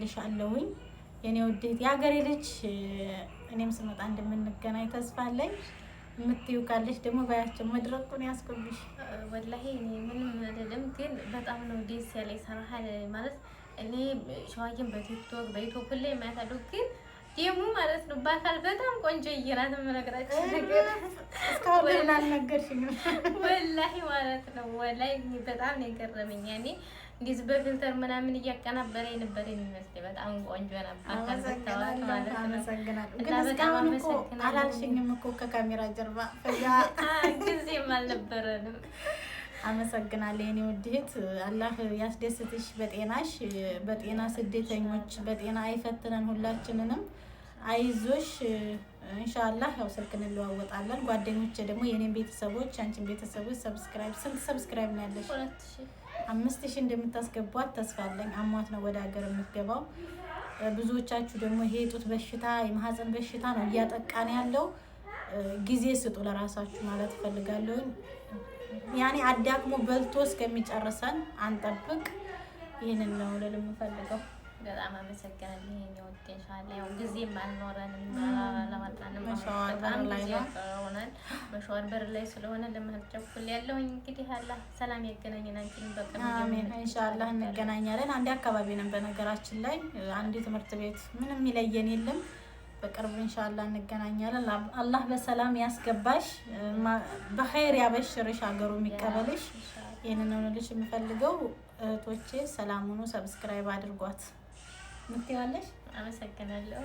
ልሽ የኔ ውዴት የሀገሬ ልጅ እኔም ስመጣ እንደምንገናኝ ተስፋ አለኝ። የምትይው ካለሽ ደግሞ በያቸው መድረቁን ያስቆብሽ። ወላሂ እኔ ምንም አይደለም፣ ግን በጣም ነው ደስ ያለኝ ሰራሃል ማለት እኔ ሸዋዬን በቲክቶክ በዩቱብ ላይ የማያታለሁ፣ ግን ደግሞ ማለት ነው በአካል በጣም ቆንጆ እየናት የምነግራችሁ ነገር ወላሂ ማለት ነው ወላሂ በጣም ነው የገረመኝ እኔ እንደዚህ በፊልተር ምናምን እያቀናበረ የነበረ የሚመስለኝ በጣም ቆንጆ ነበር። እኮ አላልሽኝም እኮ ከካሜራ ጀርባ ጊዜም አልነበረንም። አመሰግናለሁ የኔ ውድህት፣ አላህ ያስደስትሽ በጤናሽ፣ በጤና ስደተኞች በጤና አይፈትነን ሁላችንንም። አይዞሽ ኢንሻአላህ። ያው ስልክ እንለዋወጣለን። ጓደኞች ደግሞ የኔን ቤተሰቦች፣ አንቺን ቤተሰቦች ሰብስክራይብ ስንት ሰብስክራይብ ነው ያለሽ? አምስት ሺህ እንደምታስገቧት ተስፋ አለኝ። አሟት ነው ወደ ሀገር የምትገባው። ብዙዎቻችሁ ደግሞ ይሄ የጡት በሽታ የማህፀን በሽታ ነው እያጠቃን ያለው። ጊዜ ስጡ ለራሳችሁ ማለት ፈልጋለሁ ያኔ አዳክሞ በልቶ እስከሚጨርሰን አንጠብቅ። ይህንን ነው ልል የምፈልገው። በጣም አመሰግናለሁ። የእኛ ውጤሻለ ያው ጊዜም አልኖረንም ለመጣንም በር ላይ ስለሆነ እንግዲህ ሰላም ያገናኘን። አንቺንም በቅርብ እንገናኛለን። አንድ አካባቢ ነን። በነገራችን ላይ አንድ ትምህርት ቤት ምንም የለም። በቅርብ ኢንሻላህ እንገናኛለን። አላህ በሰላም ያስገባሽ፣ በኸይር ያበሽርሽ፣ ሀገሩ የሚቀበልሽ። ይህንን ልጅ የምፈልገው እህቶቼ ሰላም ሁኑ። ሰብስክራይብ አድርጓት። ምትዋለሽ። አመሰግናለሁ።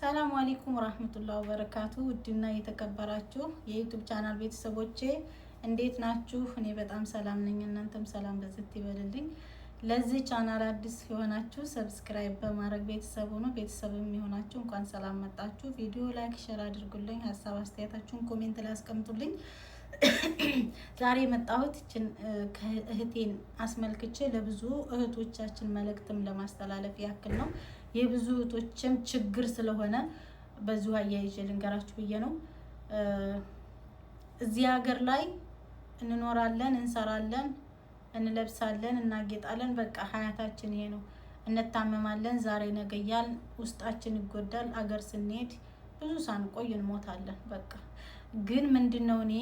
ሰላሙ አሌይኩም ወራህመቱላሂ ወበረካቱ። ውድና የተከበራችሁ የዩቱብ ቻናል ቤተሰቦቼ እንዴት ናችሁ? እኔ በጣም ሰላም ነኝ። እናንተም ሰላም በዝት ይበልልኝ። ለዚህ ቻናል አዲስ የሆናችሁ ሰብስክራይብ በማድረግ ቤተሰብ ሆኖ ቤተሰብ የሚሆናችሁ እንኳን ሰላም መጣችሁ። ቪዲዮ ላይክ፣ ሼር አድርጉልኝ። ሀሳብ አስተያየታችሁን ኮሜንት ላይ አስቀምጡልኝ። ዛሬ የመጣሁት እችን እህቴን አስመልክቼ ለብዙ እህቶቻችን መልእክትም ለማስተላለፍ ያክል ነው። የብዙ እህቶችም ችግር ስለሆነ በዚሁ አያይዤ ልንገራችሁ ብዬ ነው። እዚህ ሀገር ላይ እንኖራለን፣ እንሰራለን፣ እንለብሳለን፣ እናጌጣለን። በቃ ሀያታችን ይሄ ነው። እንታመማለን፣ ዛሬ ነገ እያልን ውስጣችን ይጎዳል። አገር ስንሄድ ብዙ ሳንቆይ እንሞታለን። በቃ ግን ምንድን ነው እኔ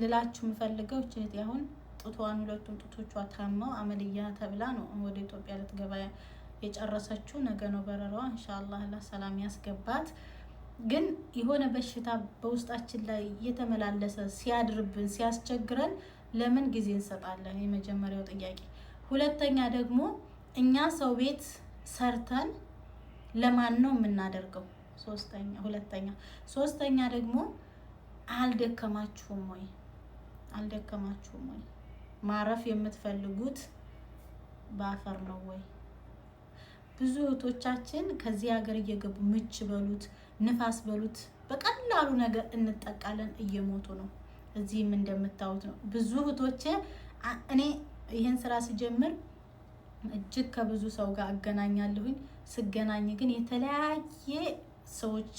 ልላችሁ የምፈልገው እህቴ አሁን ጡቷን ሁለቱም ጡቶቿ ታመው አመልያ ተብላ ነው ወደ ኢትዮጵያ ልትገባ የጨረሰችው። ነገ ነው በረራዋ። ኢንሻአላህ ሰላም ያስገባት። ግን የሆነ በሽታ በውስጣችን ላይ እየተመላለሰ ሲያድርብን ሲያስቸግረን ለምን ጊዜ እንሰጣለን? የመጀመሪያው ጥያቄ። ሁለተኛ ደግሞ እኛ ሰው ቤት ሰርተን ለማን ነው የምናደርገው? ሶስተኛ ሁለተኛ ሶስተኛ ደግሞ አልደከማችሁም ወይ አልደከማችሁም ወይ? ማረፍ የምትፈልጉት በአፈር ነው ወይ? ብዙ እህቶቻችን ከዚህ ሀገር እየገቡ ምች በሉት ንፋስ በሉት በቀላሉ ነገር እንጠቃለን፣ እየሞቱ ነው። እዚህም እንደምታዩት ነው። ብዙ እህቶቼ እኔ ይህን ስራ ስጀምር እጅግ ከብዙ ሰው ጋር አገናኛለሁኝ። ስገናኝ ግን የተለያየ ሰዎች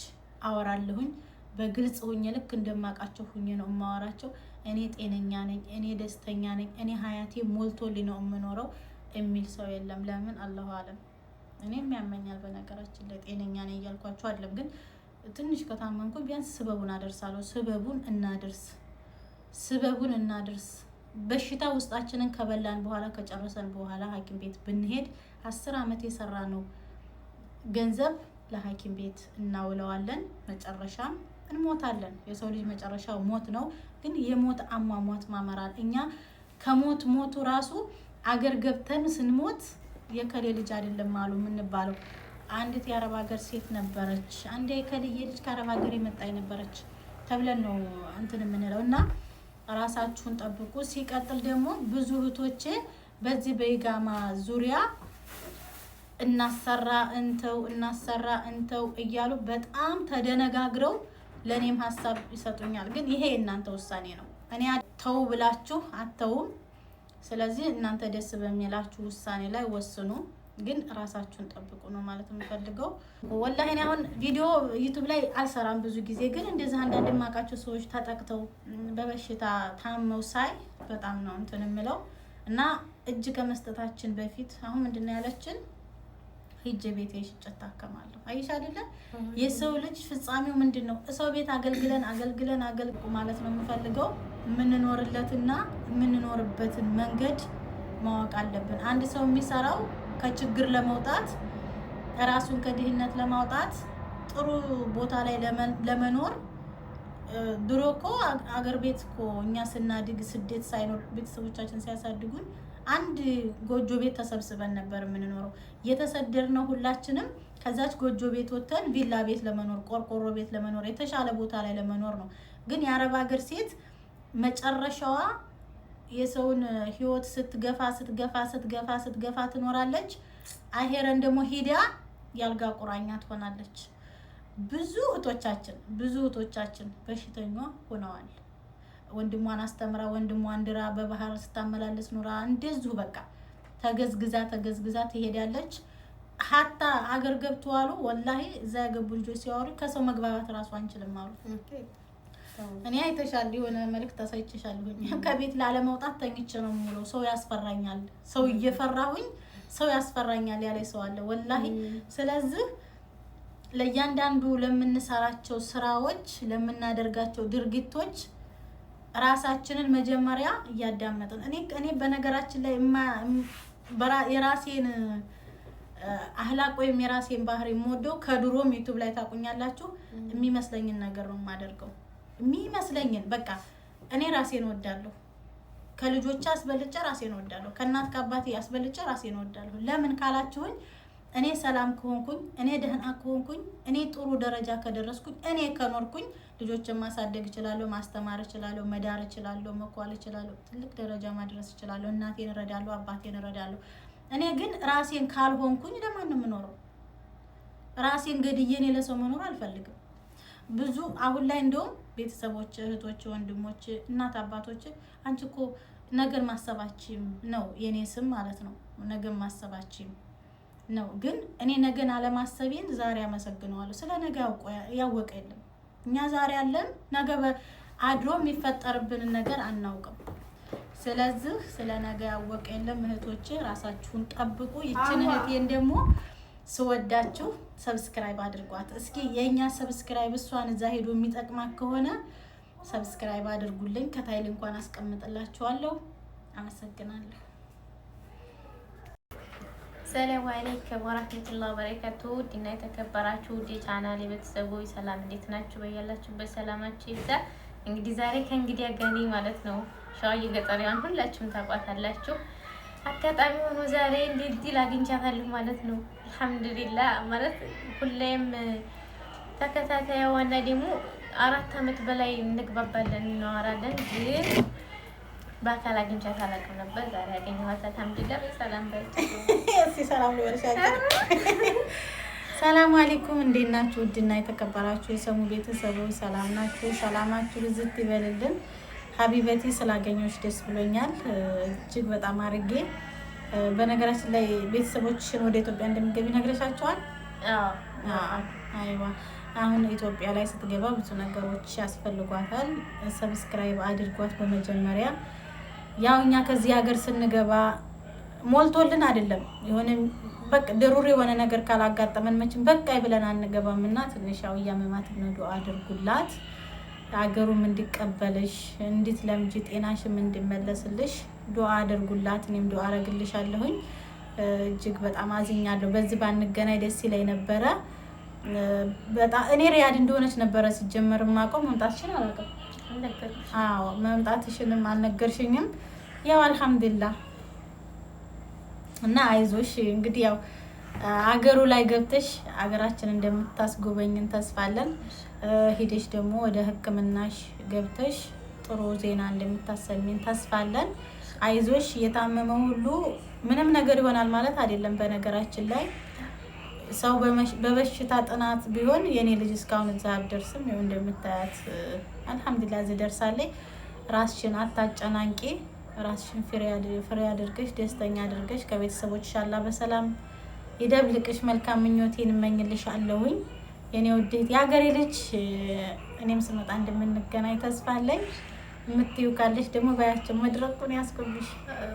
አወራለሁኝ በግልጽ ሁኜ ልክ እንደማውቃቸው ሁኜ ነው የማወራቸው። እኔ ጤነኛ ነኝ፣ እኔ ደስተኛ ነኝ፣ እኔ ሀያቴ ሞልቶልኝ ነው የምኖረው የሚል ሰው የለም። ለምን አላሁ አለም እኔም ያመኛል። በነገራችን ላይ ጤነኛ ነኝ እያልኳቸው አለም፣ ግን ትንሽ ከታመንኩ ቢያንስ ስበቡን አደርሳለሁ። ስበቡን እናደርስ፣ ስበቡን እናደርስ። በሽታ ውስጣችንን ከበላን በኋላ ከጨረሰን በኋላ ሐኪም ቤት ብንሄድ አስር ዓመት የሰራ ነው ገንዘብ ለሐኪም ቤት እናውለዋለን መጨረሻም እንሞታለን። የሰው ልጅ መጨረሻው ሞት ነው። ግን የሞት አሟሟት ማመራል እኛ ከሞት ሞቱ ራሱ አገር ገብተን ስንሞት የከሌ ልጅ አይደለም አሉ የምንባለው። አንዲት የአረብ ሀገር ሴት ነበረች፣ አንድ የከልዬ ልጅ ከአረብ ሀገር የመጣ ነበረች ተብለን ነው እንትን የምንለው እና ራሳችሁን ጠብቁ። ሲቀጥል ደግሞ ብዙ እህቶቼ በዚህ በኢጋማ ዙሪያ እናሰራ እንተው እናሰራ እንተው እያሉ በጣም ተደነጋግረው ለእኔም ሀሳብ ይሰጡኛል። ግን ይሄ የእናንተ ውሳኔ ነው። እኔ ተው ብላችሁ አተውም። ስለዚህ እናንተ ደስ በሚላችሁ ውሳኔ ላይ ወስኑ። ግን ራሳችሁን ጠብቁ ነው ማለት የምፈልገው። ወላሂ እኔ አሁን ቪዲዮ ዩቱብ ላይ አልሰራም ብዙ ጊዜ። ግን እንደዚህ አንዳንድ የማውቃቸው ሰዎች ተጠቅተው በበሽታ ታመው ሳይ በጣም ነው እንትን የምለው እና እጅ ከመስጠታችን በፊት አሁን ምንድን ነው ያለችን ሂጅ ቤት ሽጭ እታከማለሁ። አይሽ አይደለም የሰው ልጅ ፍጻሜው ምንድን ነው? ሰው ቤት አገልግለን አገልግለን አገልግቁ ማለት ነው የምፈልገው የምንኖርለትና የምንኖርበትን መንገድ ማወቅ አለብን። አንድ ሰው የሚሰራው ከችግር ለመውጣት ራሱን ከድህነት ለማውጣት ጥሩ ቦታ ላይ ለመኖር ድሮ እኮ አገር ቤት እኮ እኛ ስናድግ ስደት ሳይኖር ቤተሰቦቻችን ሲያሳድጉን አንድ ጎጆ ቤት ተሰብስበን ነበር የምንኖረው። የተሰደርነው ሁላችንም ከዛች ጎጆ ቤት ወጥተን ቪላ ቤት ለመኖር ቆርቆሮ ቤት ለመኖር የተሻለ ቦታ ላይ ለመኖር ነው። ግን የአረብ ሀገር ሴት መጨረሻዋ የሰውን ህይወት ስትገፋ ስትገፋ ስትገፋ ስትገፋ ትኖራለች። አሄረን ደግሞ ሂዳ ያልጋ ቁራኛ ትሆናለች። ብዙ እህቶቻችን ብዙ እህቶቻችን በሽተኛ ሆነዋል። ወንድሟን አስተምራ ወንድሟን ድራ በባህር ስታመላለስ ኑራ እንደዚሁ በቃ ተገዝግዛ ተገዝግዛ ትሄዳለች። ሀታ አገር ገብቶ አሉ ወላሂ እዛ የገቡ ልጆች ሲያወሩ ከሰው መግባባት እራሱ አንችልም አሉ። እኔ አይተሻል፣ የሆነ መልዕክት ተሰይችሻለሁ። ከቤት ላለመውጣት ተኝቼ ነው የምውለው። ሰው ያስፈራኛል፣ ሰው እየፈራሁኝ ሰው ያስፈራኛል ያለ ሰው አለ ወላሂ። ስለዚህ ለእያንዳንዱ ለምንሰራቸው ስራዎች፣ ለምናደርጋቸው ድርጊቶች ራሳችንን መጀመሪያ እያዳመጥን እኔ እኔ በነገራችን ላይ የራሴን አህላቅ ወይም የራሴን ባህሪ የምወደው ከድሮም ዩቱብ ላይ ታቁኛላችሁ። የሚመስለኝን ነገር ነው የማደርገው። የሚመስለኝን በቃ እኔ ራሴን ወዳለሁ። ከልጆች አስበልጬ ራሴን ወዳለሁ። ከእናት ከአባቴ አስበልጬ ራሴን ወዳለሁ። ለምን ካላችሁኝ እኔ ሰላም ከሆንኩኝ እኔ ደህና ከሆንኩኝ እኔ ጥሩ ደረጃ ከደረስኩኝ እኔ ከኖርኩኝ ልጆችን ማሳደግ እችላለሁ፣ ማስተማር እችላለሁ፣ መዳር እችላለሁ፣ መኳል እችላለሁ፣ ትልቅ ደረጃ ማድረስ እችላለሁ፣ እናቴን እረዳለሁ፣ አባቴን እረዳለሁ። እኔ ግን ራሴን ካልሆንኩኝ ለማን የምኖረው? ራሴን ገድዬ እኔ ለሰው መኖር አልፈልግም። ብዙ አሁን ላይ እንደውም ቤተሰቦች፣ እህቶች፣ ወንድሞች፣ እናት አባቶች አንቺ እኮ ነገር ማሰባችም ነው የኔ ስም ማለት ነው ነገር ማሰባችም ነው። ግን እኔ ነገን አለማሰቤን ዛሬ አመሰግነዋለሁ። ስለ ነገ ያወቀ የለም። እኛ ዛሬ ያለን ነገ አድሮ የሚፈጠርብንን ነገር አናውቅም። ስለዚህ ስለ ነገ ያወቀ የለም። እህቶቼ ራሳችሁን ጠብቁ። ይችን እህቴን ደግሞ ስወዳችሁ ሰብስክራይብ አድርጓት። እስኪ የእኛ ሰብስክራይብ እሷን እዛ ሄዶ የሚጠቅማት ከሆነ ሰብስክራይብ አድርጉልኝ። ከታይል እንኳን አስቀምጥላችኋለሁ። አመሰግናለሁ። ሰላም አለይኩም ወራህመቱላሂ ወበረካቱ ዲና የተከበራችሁ ውድ ቻናል የቤተሰቦች ሰላም እንዴት ናችሁ? በያላችሁበት ሰላማችሁ ይብዛ። እንግዲህ ዛሬ ከእንግዲህ አጋኒ ማለት ነው ሻውዬ ገጠሪዋን ሁላችሁም ታውቋታላችሁ። አጋጣሚ ሆኖ ዛሬ እንዴት ዲል አግኝቻታለሁ ማለት ነው። አልሐምዱሊላህ ማለት ሁሌም ተከታታይዋና ደግሞ አራት አመት በላይ እንግባባለን፣ እናወራለን ግን በአካል አግኝቻት አላውቅም ነበር። ዛሬ ያገኘኋት አልሐምዱሊላህ። ሰላም በይ። ሰላም ሰላም አለይኩም፣ እንዴት ናችሁ? ውድና የተከበራችሁ የሰሙ ቤተሰቦች ሰላም ናችሁ? ሰላማችሁ ብዝት ይበልልን። ሀቢበቴ ስላገኘሁሽ ደስ ብሎኛል እጅግ በጣም አድርጌ። በነገራችን ላይ ቤተሰቦችሽን ወደ ኢትዮጵያ እንደሚገቢ ነግረሻቸዋል? አይዋ አሁን ኢትዮጵያ ላይ ስትገባ ብዙ ነገሮች ያስፈልጓታል። ሰብስክራይብ አድርጓት በመጀመሪያ ያው እኛ ከዚህ ሀገር ስንገባ ሞልቶልን አይደለም የሆነ በቃ ደሩር የሆነ ነገር ካላጋጠመን መቼም በቃ ብለን አንገባም። እና ትንሽ ያው እያመማት ነው። አድርጉላት ሀገሩም እንዲቀበልሽ ለምጅ ጤናሽም እንዲመለስልሽ ዱአ አድርጉላት። እኔም ዱአ አረግልሻለሁኝ። እጅግ በጣም አዝኛለሁ። በዚህ ባንገናኝ ደስ ይለኝ ነበረ። በጣም እኔ ሪያድ እንደሆነች ነበረ ሲጀመር ማቆም መምጣትሽን አላውቅም። አዎ መምጣትሽንም አልነገርሽኝም። ያው አልሐምዱሊላህ እና አይዞሽ እንግዲህ ያው አገሩ ላይ ገብተሽ አገራችን እንደምታስጎበኝን ተስፋለን። ሂደሽ ደግሞ ወደ ሕክምናሽ ገብተሽ ጥሩ ዜና እንደምታሰሚን ተስፋለን። አይዞሽ። የታመመው ሁሉ ምንም ነገር ይሆናል ማለት አይደለም በነገራችን ላይ ሰው በበሽታ ጥናት ቢሆን የኔ ልጅ እስካሁን እዛ አልደርስም። ይኸው እንደምታያት አልሐምዱሊላህ እዚህ ደርሳለች። ራስሽን አታጨናንቂ። ራስሽን ፍሬ አድርገሽ ደስተኛ አድርገሽ ከቤተሰቦችሽ አላህ በሰላም ይደብልቅሽ። መልካም ምኞቴን እመኝልሽ አለውኝ የኔ ውዴት የሀገሬ ልጅ። እኔም ስመጣ እንደምንገናኝ ተስፋ አለኝ። የምትዩ ካለሽ ደግሞ በያቸው መድረቁን ያስቆብሽ።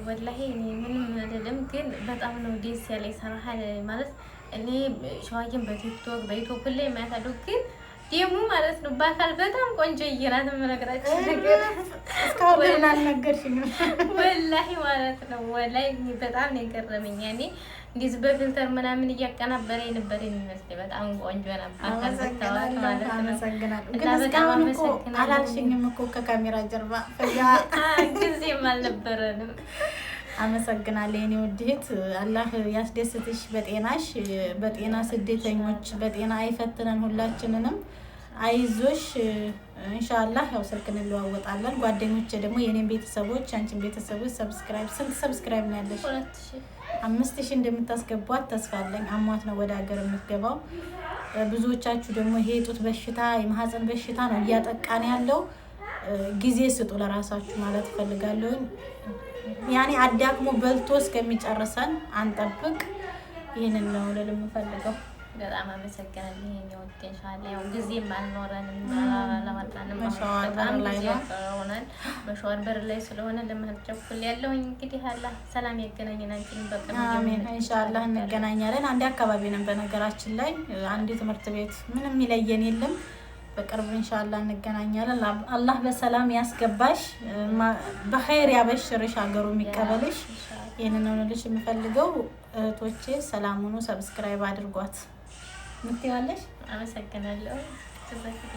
ወላሂ ምንም አይደለም፣ ግን በጣም ነው ደስ ያለኝ ሰራሃል ማለት እኔ ሸዋዬን በቲክቶክ በዩቱብ ላይ የማያታለው ግን ደግሞ ማለት ነው በአካል በጣም ቆንጆ እየናት የምነግራችሁ ነገር ወላሂ ማለት ነው። ወላሂ በጣም ነው የገረመኝ። እኔ እንደዚህ በፊልተር ምናምን እያቀናበረ የነበረ የሚመስለኝ በጣም ቆንጆ ነበር። በአካል ብታዋት ማለት ነው። እና በጣም አመሰግናለሁ። አላልሽኝም እኮ ከካሜራ ጀርባ ጊዜም አልነበረንም። አመሰግናለሁ የኔ ውድ አላህ ያስደስትሽ በጤናሽ። በጤና ስደተኞች በጤና አይፈትነን ሁላችንንም። አይዞሽ እንሻላህ። ያው ስልክ እንለዋወጣለን። ጓደኞቼ ደግሞ የኔን ቤተሰቦች፣ አንቺን ቤተሰቦች ሰብስክራይብ ስንት ሰብስክራይብ ነው ያለሽ? አምስት ሺህ እንደምታስገቧት ተስፋ አለኝ። አሟት ነው ወደ ሀገር የምትገባው። ብዙዎቻችሁ ደግሞ ይሄ የጡት በሽታ የማህፀን በሽታ ነው እያጠቃን ያለው ጊዜ ስጡ ለራሳችሁ ማለት እፈልጋለሁኝ። ያኔ አዳክሞ በልቶ እስከሚጨርሰን አንጠብቅ። ይህንን ነው ልል የምፈልገው። በጣም አመሰግናለሁ። ይሄን ወጥ ያው ጊዜም አልኖረንም ለማጣንም በጣም ጊዜ ሆነን በር ላይ ስለሆነ ለማለት ቸኩል ያለው እንግዲህ አላ ሰላም ያገናኘን። አንቺን በቀም አሜን። እንገናኛለን። አንዴ አካባቢ ነን በነገራችን ላይ አንድ ትምህርት ቤት ምንም ይለየን የለም። በቅርብ እንሻላ እንገናኛለን። አላህ በሰላም ያስገባሽ፣ በኸይር ያበሽርሽ፣ ሀገሩ የሚቀበልሽ። ይህንን ነው ልልሽ የምፈልገው። እህቶቼ ሰላም ሁኑ። ሰብስክራይብ አድርጓት። ምትዋለሽ። አመሰግናለሁ።